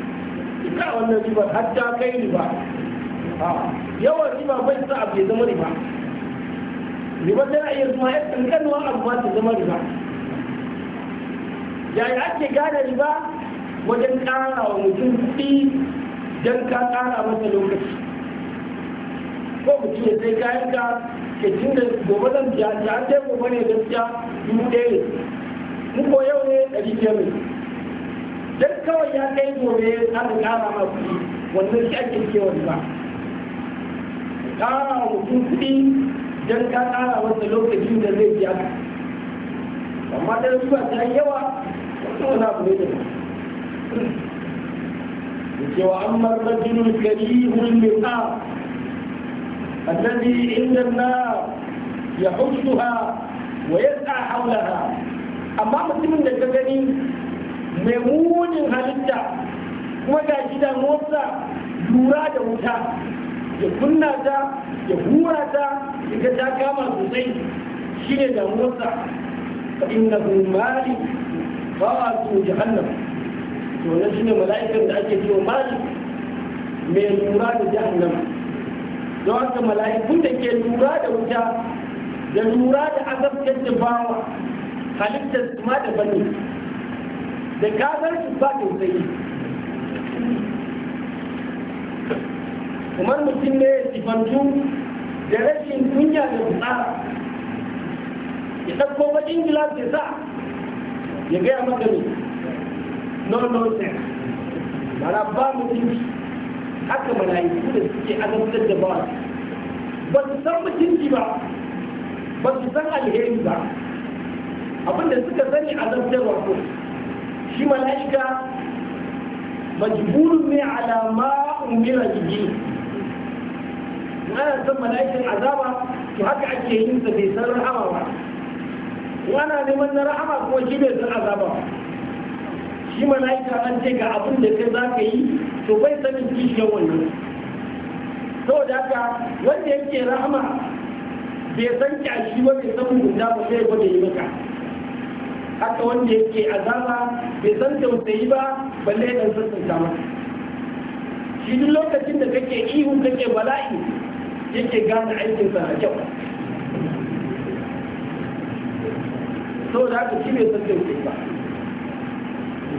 ita wannan riba har ta kai riba yawan riba bai sa abu ya zama riba riba tana iya zama ya kankanuwa amma ta zama riba yaya ake gane riba wajen ƙara wa mutum kuɗi don ka ƙara masa lokaci ko mutum ya sai kayan ka ke cin da gobe zan biya ta an sai gobe ne gaskiya dubu ɗaya ne in ko yau ne ɗari biyar ne dan kawai ya kai gobe za ka ƙara ma kuɗi wannan shi ake cewa ba ƙara wa mutum kuɗi dan ka a masa lokacin da zai biya ka amma dan zuwa ta yawa wannan wani abu ne da cewa an marar jinin kari hurin mai الذي عند النار يحثها ويسعى حولها أما مسلم دكتني ميمون هلتا وما جدا موسى lura da wuta ya kunna ta ya hura ta ita ta kama sosai shi ne damuwarsa fa inna mali ba a su jahannam na mala'ikan da ake cewa mali mai lura da jahannam don haka mala'ikun da ke lura da wuta da lura da azabtar da bawa halittar su ma da bane da kafar su ba tausayi kamar mutum ne ya sifantu da rashin kunya da kusa ya ɗauko baƙin gilas da sa ya gaya maka ne no no sir mana ba mutum haka yi da suke azabtar da ba ba su san mutunci ba ba su san alheri ba abinda suka sani azabtarwa ko shi mala'ika majburun ne ala ma umira bihi ana san mala'ikan azaba to haka ake yin sa bai san rahama ba wana neman na rahama ko shi bai san azaba shi mala'ika an ce ga abin da kai za ka yi to bai sanin kishiyar wannan saboda haka wanda yake rahama bai san kyashi ba bai san guda ba sai gwada yi maka haka wanda yake azaba bai san tausayi ba balle dan sassan sama shi duk lokacin da kake ihu kake bala'i yake gane aikinsa a kyau saboda haka shi bai san tausayi ba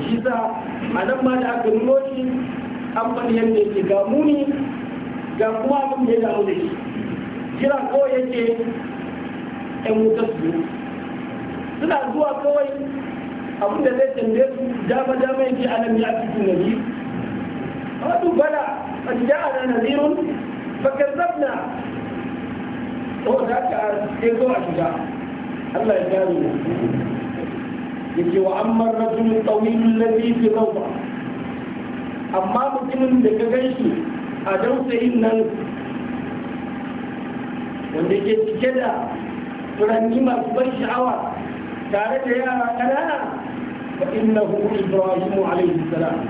shi sa a nan ma da aka nuno shi an faɗi yadda yake ga muni ga kuma abin da ya damu da shi kira ko yake ɗan wuta su suna zuwa kawai abin da zai tambaye su dama dama yake nan ya fi tun nabi duk bala a jiya ana nazirun bakar zabna saboda haka sai zo a shiga Allah ya gane mu yake wa amma rajulun tawilul ladhi fi rawda amma mutumin da ka gan shi a dausayin nan wanda ke cike da furanni masu ban sha'awa tare da yara ƙanana fa innahu ibrahim alaihi salam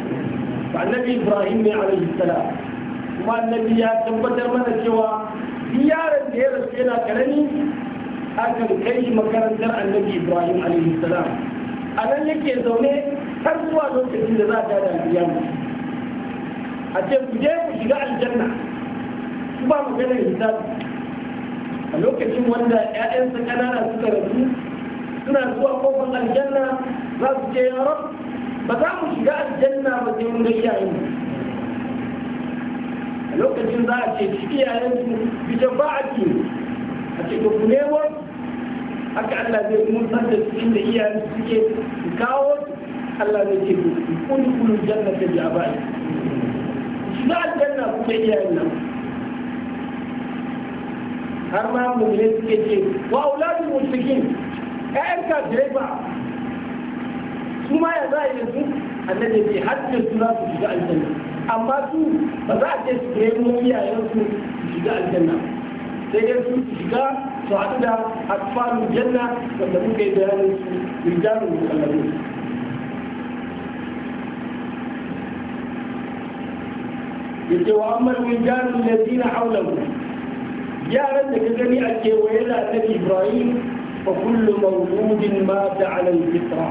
fa annabi ibrahim ne alaihi salam kuma annabi ya tabbatar mana cewa duk yaron da ya rasu yana karami akan kai makarantar annabi ibrahim alaihi salam a nan yake zaune har zuwa lokacin da za ta da alƙiyama a ce ku je ku shiga aljanna su ba mu ganin hisabi a lokacin wanda 'ya'yansa ƙanana suka rasu suna zuwa kofar aljanna za su ce yaro ba za mu shiga aljanna ba sai mun ga iyayen a lokacin za a ce shi iyayen su bi ba a ce ku nemo haka Allah zai mun san da cikin da iyayen suke su kawo Allah zai ce ku kun kun jannata bi abai na aljanna kuma iyayen nan har ma mu ne suke ce wa ulatu mushrikin ƴaƴan kafirai ba su ma ya za a yi su annabi ce har da su za su shiga aljanna amma su ba za a ce su kai nemo iyayen su shiga aljanna sai dai su shiga su haɗu da asfalin janna wanda muka yi bayanin su rijalun musallamu يتوأم الوجدان الذين حوله يا رزق الدنيا كويلة نبي إبراهيم فكل موجود مات على الفطرة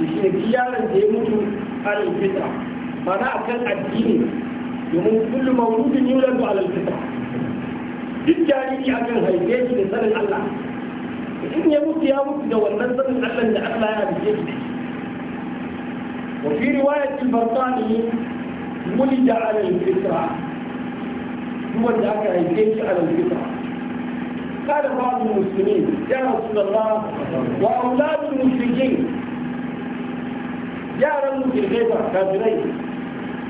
يشنكيان يموت على الفطرة فلا كان الدين يموت كل مولود يولد على الفطرة بالتالي يا كان هيجيش لسان الله إن يموت يا موت دو النزل الله الله يا وفي رواية البرطاني ولد على الفطرة هو ذاك الجيش على الفطرة قال بعض المسلمين يا رسول الله وأولاد المشركين يا رب الغيب كافرين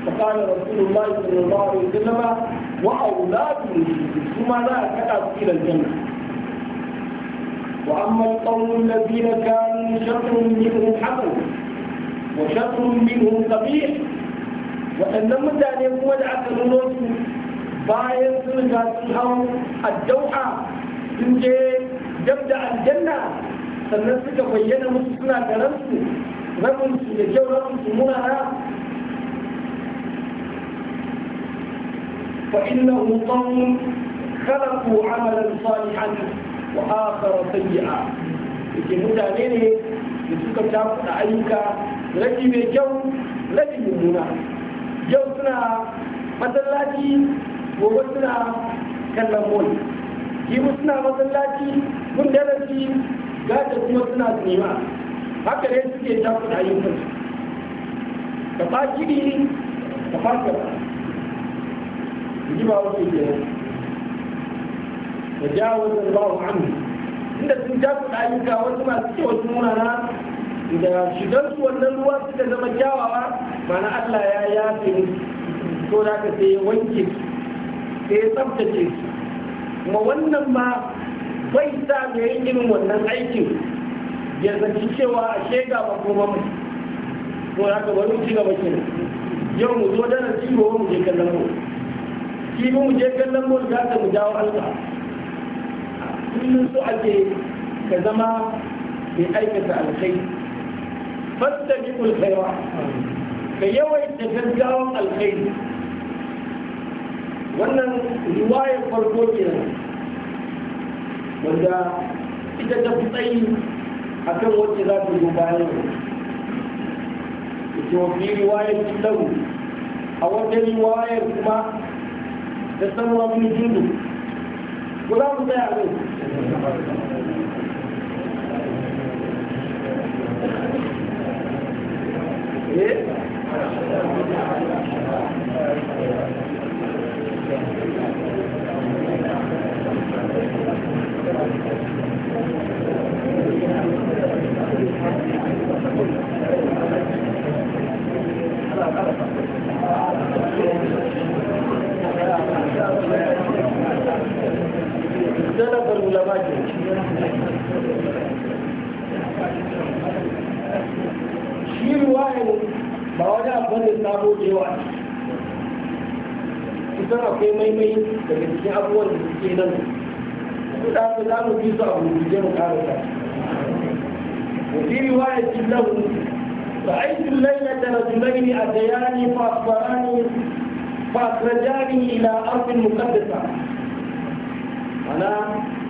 فقال رسول الله صلى الله عليه وسلم وأولاد المشركين ثم لا كتب إلى الجنة وأما القوم الذين كانوا شر منهم حقل وشر منهم قبيح waɗannan mutane kuma da aka nuno su bayan sun riga sun hau addau'a sun je dab da aljanna sannan suka bayyana musu suna garansu rabinsu da kyau rabinsu munana فإنه قوم خلقوا عملا صالحا وآخر سيئا yake mutane ne da suka tafi da ayyuka rabi mai kyau rabi mummuna yau suna masallaci gobe suna kallon mol Jibu suna masallaci kun darasi gata kuma suna sinima haka ne suke tafi da ayyukan da fakiri ka fakira ji ba wasu ke ka jawo da ba wa hannu inda sun tafi da ayyuka wasu masu kyau wasu munana da shigar su wannan ruwa suka zama kyawawa mana Allah ya yafe fi to da ka sai wanke sai ya tsabtace su kuma wannan ma bai sa mai yin irin wannan aikin ya zaci cewa a shega ba kuma mu to da ka bari ci gaba kenan yau mu zo dana ci gobe mu je kallon mu shi mu je kallon mu za ta mu dawo Allah kullum su ake ka zama mai aikata alkhairi فاتجئوا الخيرات فيو يتفجأوا الخير وانا رواية فالقوية وانا إذا تبطي حتى الوصدات المبالغة إذا في رواية تلو أو أنت رواية كما تسمى من جنو ولا أبدا يعلم فأخرجاني إلى أرض مقدسة أنا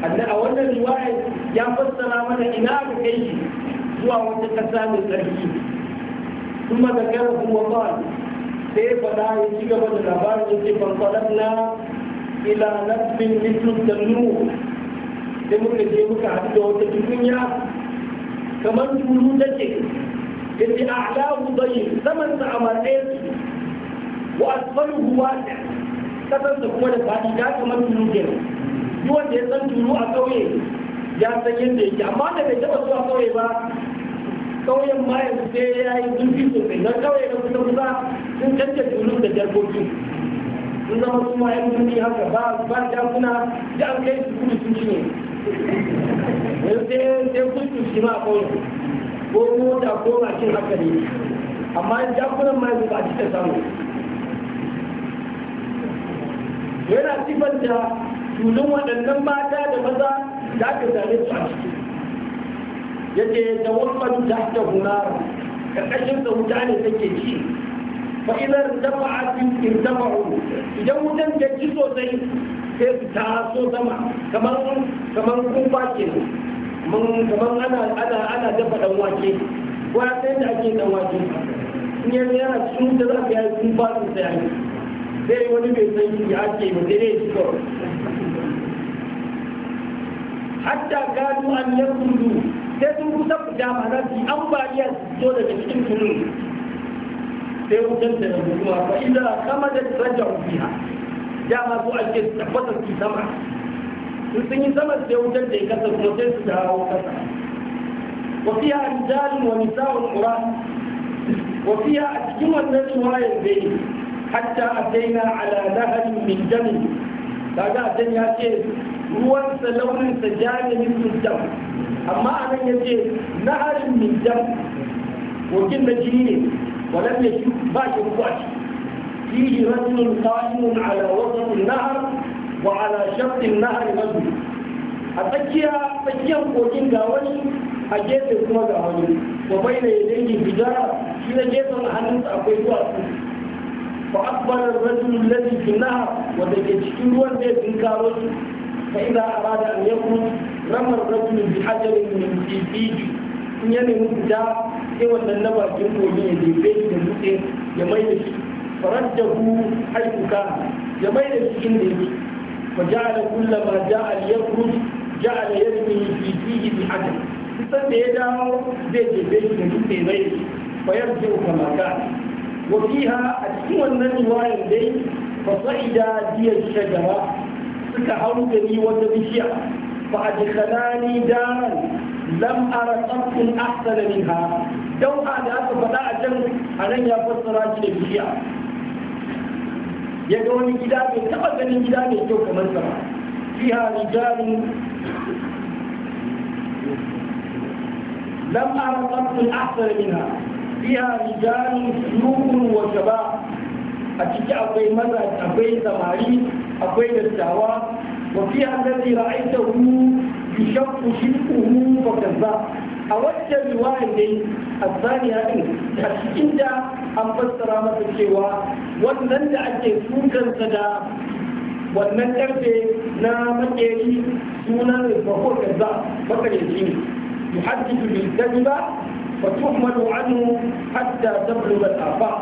أن أولا رواية يا فسر من إلى بكيش سوى وتكسام التركيب ثم ذكره وقال كيف لا يجيب من الأبار يجيب فانطلقنا إلى نسب مثل التنور sai muka je muka haɗu da wata tukunya kamar tulu take yace a'lahu bayyin saman sa a matsayin wa asfaluhu wasi' kasar da kuma da fadi ya kamar tunu kenan duk wanda ya san tunu a kauye ya san yadda yake amma da bai taba zuwa kauye ba kauyen ma yanzu sai ya yi zurfi sosai na kauye na kusa kusa sun canja tunu da jarkoki sun zama su ma yan zurfi haka ba ba jakuna da an kai su kudu sun cinye yanzu sai sai kudu shi ma a kauye ko mota ko mashin haka ne amma jakunan ma yanzu ba a cikin samu yana sifanta tulun waɗannan mata da maza da aka zane su a ciki yake da wannan da ta hunara ƙarƙashin da wuta ne take ci fa idan dafa'a irtafa'u idan wutan ta ci sosai sai su taso sama kamar kamar kumfa ke mun kamar ana ana ana dafa dan wake ko sai da ake dan wake in yanzu yana cikin da za ka yi kumfa sosai sai wani mai san ya ce ba sai dai to hatta gano an yakudu sai sun kusa fita ba za su ambaliyar to daga cikin tulun sai wutar da na guduwa fa ila kama da rajar Ya ma su ake tabbata su sama sun yi sama sai wutar da ya kasa kuma sai su dawo kasa وفيها رجال ونساء قرآن a cikin wannan وراء البيت hatta ataina ala laharin min dami kaga can ya ce ruwan sa launin sa jami'in su dam amma anan ya ce naharin min dam wakil na jini ne walam ya shi ba shi ruwa shi fihi rajulun qa'imun ala wasat nahar wa ala shatt an-nahar rajul a tsakiya tsakiyar kogin ga wani a gefe kuma ga wani wa bai da yadayin hijara shi na gefen hannunsa akwai duwatsu فأقبل الرجل الذي في النهر وتجدشين وانده تنكاروش فإذا أراد أن يخرج رمى الرجل بحجر من سيفيه in ya nemi fita sai wannan na bakin kogi ya jefe shi da dutse ya mai da shi farar da ku haikuka ya mai da shi inda yake fa ja'ala kullama ja'al yakhruj ja'ala yarmi fi fihi bi adam da ya dawo zai jefe da dutse mai وفيها أتكوى النجوى إليه فصعد دي الشجرة سكحوا لي وتبشع فأدخلاني دارا لم أرى قط أحسن منها لو أنا أتفضى أجل أن يفسر أجل بشع يدوني كتابي تبقى من كتابي جوك منصرة فيها رجال لم أرى قط أحسن منها فيها رجال شيوخ وشباب أتيك أبي ماذا أبي سماري أبي الدعوة وفيها الذي رأيته يشق شقه فكذاب a waccan dai a tsaniya din a cikin da an fassara masa cewa wannan da ake tukansa da wannan karfe na makeri sunan rufafo kaza فتحمل عنه حتى تبلغ الآفاق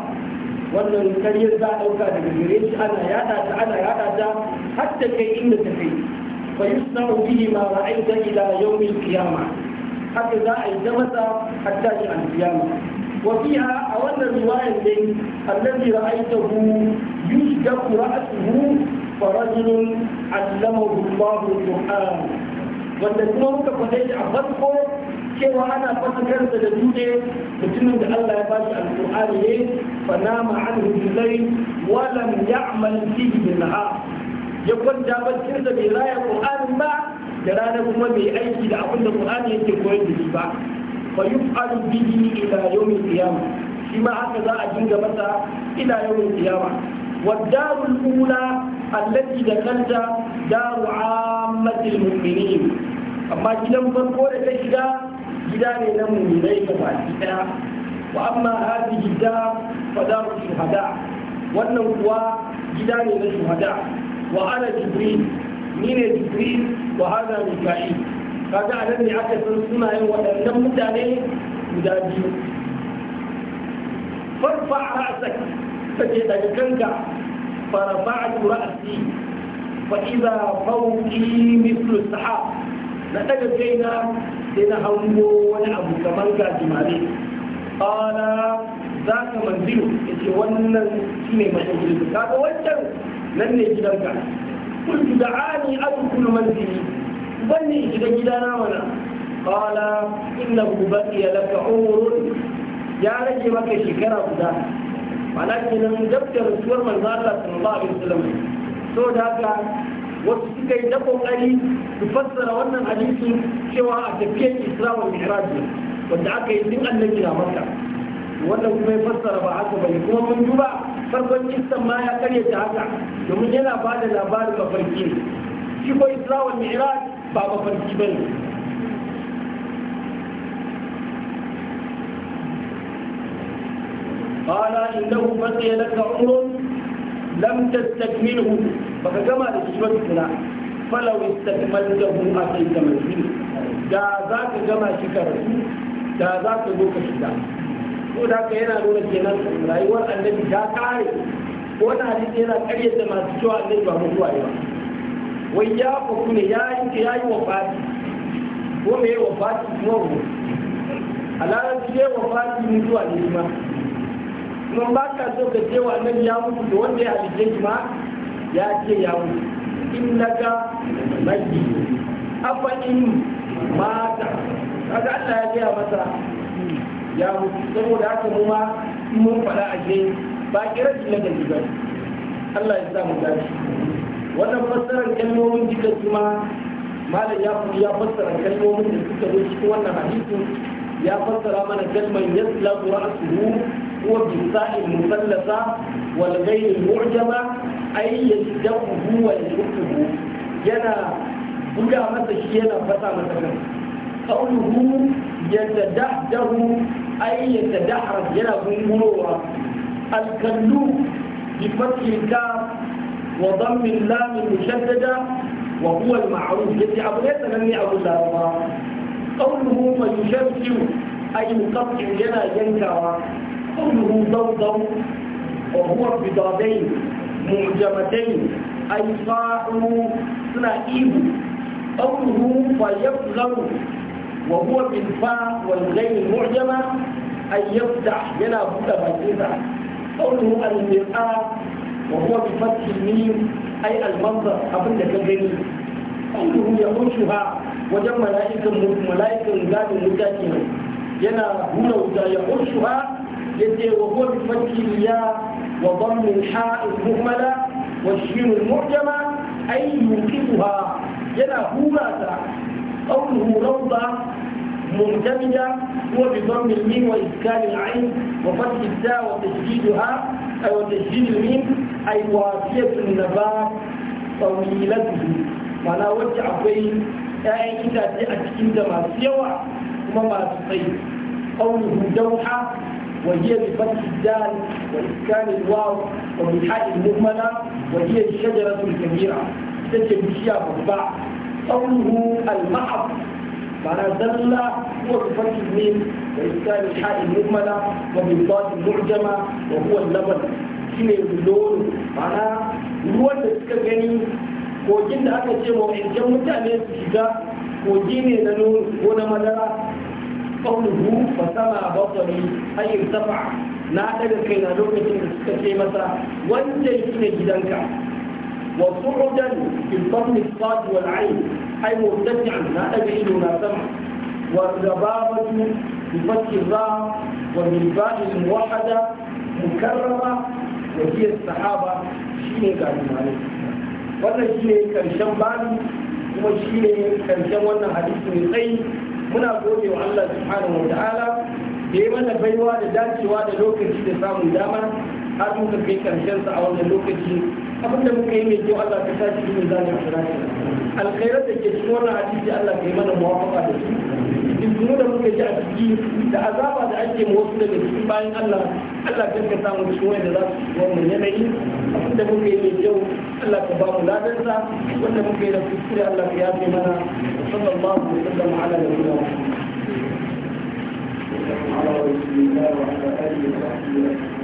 wannan karyar za a ɗauka daga gare shi ana yada ta ana yada ta hatta kai inda ta kai fa yusna'u bihi ma ra'aita ila yawmil qiyamah haka za a yi ta masa hatta shi al-qiyamah wa fiha a wannan riwayar dai allazi ra'aitahu yushdaku ra'suhu fa rajulun 'allamahu Allahu al-Qur'an wanda kuma muka faɗe a farko cewa ana fasa karsa da dutse mutumin da Allah ya bashi alƙur'ani ne fa nama anhu bilai wa lam ya'mal fihi bil ya kwanta baccin da bai raya Qur'anin ba da rana kuma bai aiki da abin da ƙur'ani yake koyar da shi ba fa yuf'alu bihi ila yawmil qiyamah shi ma haka za a dinga masa ila yawmil qiyamah والدار الأولى التي دخلت دار عامة المؤمنين amma gidan farko da ta shiga gida ne na mummunai ga baki wa amma hadhihi da fadaru shuhada wannan kuwa gida ne na shuhada wa ana jibril ni ne jibril wa hada mika'il kaga anan ne aka san sunayen waɗannan mutane guda biyu farfa ra'sak kace daga kanka farfa'tu ra'si fa idza fawqi mithlu sahab na daga kaina sai na hango wani abu kamar ga jimare ƙala za ka manzilu ya ce wannan shi ne mashi Ka kaga wancan nan ne gidanka kuntu da ani adukulu manzili banni shiga gidana mana ƙala innahu baqiya laka umrun ya rage maka shekara guda mana kenan dabtar suwar manzo Allah sallallahu alaihi wasallam so da haka wasu suka yi ta kokari su fassara wannan hadisi cewa a tafiyar isra wa wanda aka yi tun annabi na maka wannan kuma ya fassara ba haka bane kuma mun duba farkon kissan ma ya karya ta haka domin yana ba da labarin mafarki shi ko isra wa mi'raj ba mafarki ne قال إنه بقي لك عمر lam tastakmilhu baka gama da shi ba tukuna falau istakmaltahu atayta masjid da da za ka gama shi karatu da za ka zo ka shiga ko da ka yana nuna kenan rayuwar annabi ta kare ko wani hadisi yana karyata masu cewa annabi ba mutuwa ba wai ya faku ne ya yi ya yi wafati ko me yi wa wafati kuma ko a larabci ya wafati zuwa ne kuma kuma ba ka so ka ce wa nan ya mutu da wanda ya halitta ki ma ya ce ya mutu innaka maji afa in mata kaga Allah ya gaya masa ya mutu saboda haka mu ma mun faɗa a ce ba ki ki na gaji ba Allah ya sa mu dace wannan fassarar kalmomin su kuma malam ya ya fassara kalmomin da suka zo cikin wannan hadisin ya fassara mana kalmar a ra'suhu هو بالساء المثلثة والغير المعجمة أي يشدقه ويشقه ينا بقى مثل شيء فتا مثلا قوله يتدحده أي يتدحرج ينا بمروة الكلو بفتح الكاف وضم اللام المشددة وهو المعروف يدي أبو ليس لم أبو الله قوله فيشمسه أي مقطع ينا ينكر كله ضوضاء وهو بضادين معجمتين أي صاحب سنائب قوله فيبغض وهو بالفاء والغين معجمة أن يفتح ينا بودا باكيزا قوله المرآة وهو بفتح الميم أي المنظر أبن كبير قوله يخشها وجم ملائكة ملائكة ذات متاكمة ينا هنا يخشها يدي وهو بفتح الياء وضم الحاء المهملة والشين المعجمة أي يوقفها ينا هوراتا قوله روضة مندمجة هو بضم الميم وإسكان العين وفتح الداء وتشديدها أي وتشديد الميم أي وافية النبات طويلته ولا وجع بين أي إذا جاءت عندما سوى وما yawa قوله دوحة وهي بفتح الدال وإسكان الواو وبالحاء المهملة وهي الشجرة الكبيرة تجد فيها مربع قوله المحض معنى دل هو بفتح الميم وإسكان الحاء المهملة وبالضاد المعجمة وهو اللبن shine lolo معنى هو da suka gani kogin da aka ce wa wancan mutane su shiga kogi ne na nono ko na madara قوله فسمع بصري أي ارتفع لا أدرك إلى لغة تستقيمة وانجي إلى جدنك وصعدا في الفضل الصاد والعين أي مرتفعا لا أدري إلى سمع والربابة بفتح الراء والنباء الموحدة مكرمة وهي الصحابة شيني قال المعلم ولا شيني كان شمبالي وما شيني كان شمبالي وما شيني كان شمبالي muna gode wa Allah subhanahu wa ta'ala da ya mana baiwa da dacewa da lokaci da samun dama har mun ka kai karshen sa a wannan lokaci abin da muka yi mai kyau Allah ka sa shi ne zani a shirafi alkhairar da ke cikin wannan hadisi Allah ka yi mana muwafaqa da su izinu da muka ji a ciki da azaba da ake ma wasu daga cikin bayan Allah Allah ka ka samu cikin wanda za su shiga wannan yanayi abin da muka yi mai kyau Allah ka ba mu ladan sa wanda muka yi da kuskure Allah ka yafe mana sallallahu alaihi wa sallam ala nabiyina Muhammad على رسول الله وعلى وصحبه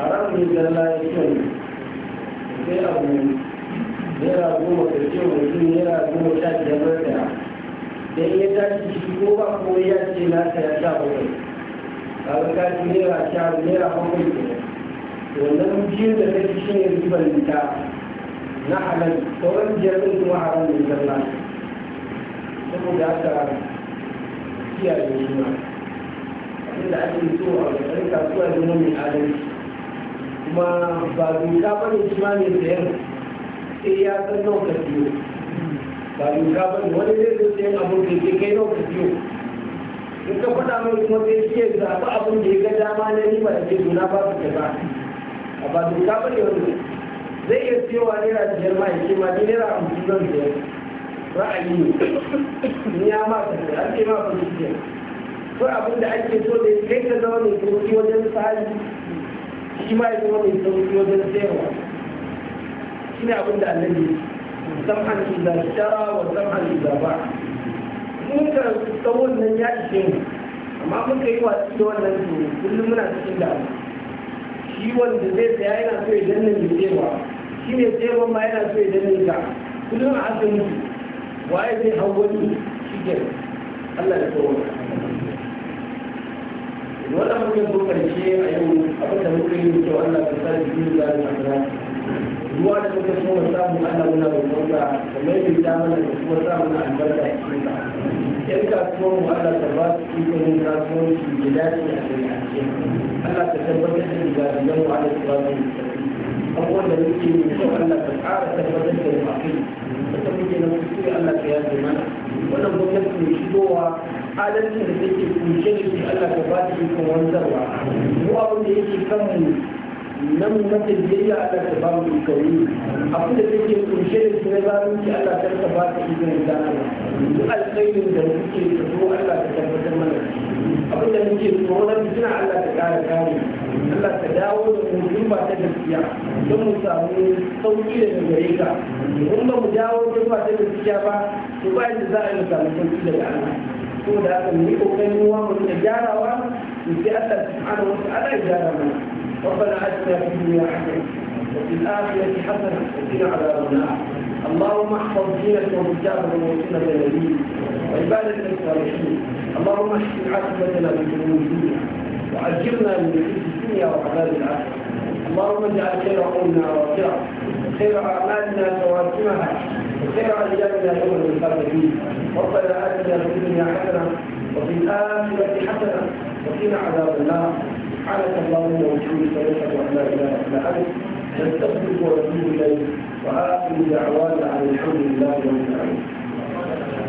haram ne zalla ya ce sai abu naira goma ka ce mutum naira goma sha biyar barka dan ya tashi shi ko ba ko ya ce na ta ya sha bakwai kaga ka ci sha naira bakwai ke wannan biyu da kake shi ne ribar ta na halal sauran biyar ɗin kuma haram ne zalla saboda haka kiyaye shi ma abinda ake so a ƙarƙa kasuwa ne mai adalci kuma ba doka ba ne shi ma ne sayan sai ya san nau ka siyo ba doka ba ne wani zai zai sayan abin da ke kai nau ka siyo in ka faɗa mai kuma sai shi ya zaɓi abin da ya ga dama na riba da ke nuna ba su kaza a ba doka ba ne wani zai iya siyowa naira biyar ma ya ce ma ni naira hamsin zan sayar ra'ayi ne ya ma ka sayar an ce ma ba su ko abin da ake so da kai ka zama mai koki wajen tsari shi ma ya zama mai sauki wajen sayarwa shi ne abin da annabi sam'an iza shara wa sam'an iza ba mun karanta tsawon nan ya ishe mu amma mun muka yi watsi da wannan to kullum muna cikin damu shi wanda zai saya yana so ya danna mai sayarwa shi ne sayarwa ma yana so ya danna ka kullum a asibiti waye zai hau wani shi Allah ya kawo wannan mutum ko karshe a yau abin da muka yi kyau Allah ka sa jiki da zai ruwa da muka so mu samu Allah muna roƙon ka da mai bi mana da kuma sa mana albarka a cikin ka yan kasuwar mu Allah ta ba su ikonin kasuwanci da dace a cikin Allah ka tabbatar da gidajen mu Allah ta ba su abubuwan da muke yi kyau Allah ka ƙara tabbatar da mu a kai da ta muke na kuskure Allah ka yafe mana wannan gwamnati mai shigowa adalcin da yake kunshe da shi Allah ka ba shi ikon wanzarwa mu abin da yake kan nan mata biyayya Allah ta ba mu ikoni abin da take kunshe da shi na zalunci Allah ta ka ba ta ikon wanzarwa duk alkhairin da muke tsoro Allah ta tabbatar mana abin da muke tsoro na fitina Allah ta kara kare Allah ta dawo da mu ba ta gaskiya don mu samu sauki da gare ka in ba mu dawo ba ta gaskiya ba to ba yadda za a yi mu samu sauki daga Allah ko da haka mu yi kokari wa mu subhanahu wa ta'ala ya gyara mana ربنا اتنا في الدنيا حسنه وفي الاخره حسنه وقنا على النار اللهم احفظ دينك ومجاهد ومسلمة نبيك وعبادك الصالحين اللهم احفظ عاقبتنا من الدنيا وعجلنا من الدنيا وعذاب الاخره اللهم اجعل خير قولنا واقعا خير اعمالنا تواتمها ذكر ايامنا يوم الفرد فيه اتنا في الدنيا حسنه وفي الاخره حسنه وقنا عذاب النار سبحانك اللهم وبحمدك نشهد ان لا اله الا انت نستغفرك ونتوب اليك واخر دعوانا عن الحمد لله رب العالمين